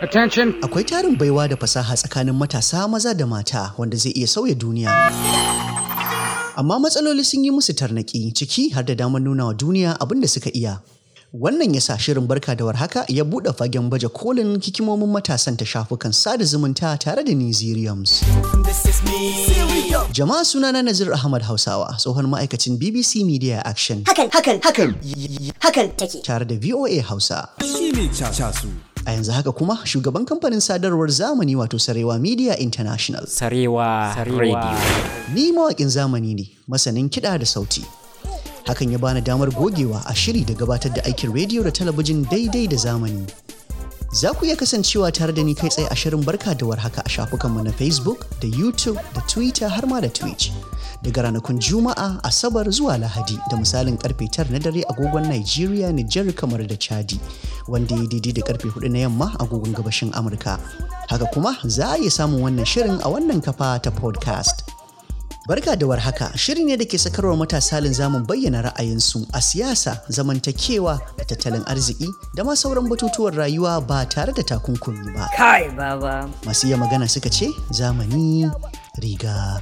Attention. Akwai tarin baiwa da fasaha tsakanin matasa maza da mata wanda zai iya sauya duniya. Amma matsaloli sun yi musu tarnaki ciki har da damar nuna wa duniya abin da suka iya. Wannan ya sa shirin barka da warhaka ya buɗe fagen baje kolin hikimomin matasan ta shafukan sada zumunta tare da Nizeriums. Jama'a sunana Nazir Ahmad Hausawa, tsohon ma'aikacin BBC Media Action. Hakan, hakan, hakan, hakan take. Tare da VOA Hausa. Shi A yanzu haka kuma shugaban kamfanin sadarwar zamani wato Sarewa Media International. Sarewa, Radio. Ni mawaƙin zamani ne, masanin kiɗa da sauti. Hakan ya bani damar gogewa a shiri da gabatar da aikin rediyo da talabijin daidai da zamani. Za ku iya kasancewa tare da ni kai tsaye a shirin barka da warhaka a shafukanmu na Facebook da YouTube da Twitter har ma da Twitch. Daga ranakun Juma'a, Asabar zuwa Lahadi da misalin karfe tar na dare agogon Nigeria, Nijar kamar da Chadi. wanda ya daidai da karfe 4 na yamma a agogon gabashin Amurka. Haka kuma za a iya samun wannan shirin a wannan kafa ta podcast. Barka da warhaka shirin ne da ke sakarwar matasa lin zamun bayyana ra'ayinsu a siyasa, zamantakewa da tattalin arziki da ma sauran batutuwan rayuwa ba tare da takunkumi ba. Kai baba. Masu iya magana suka ce zamani riga.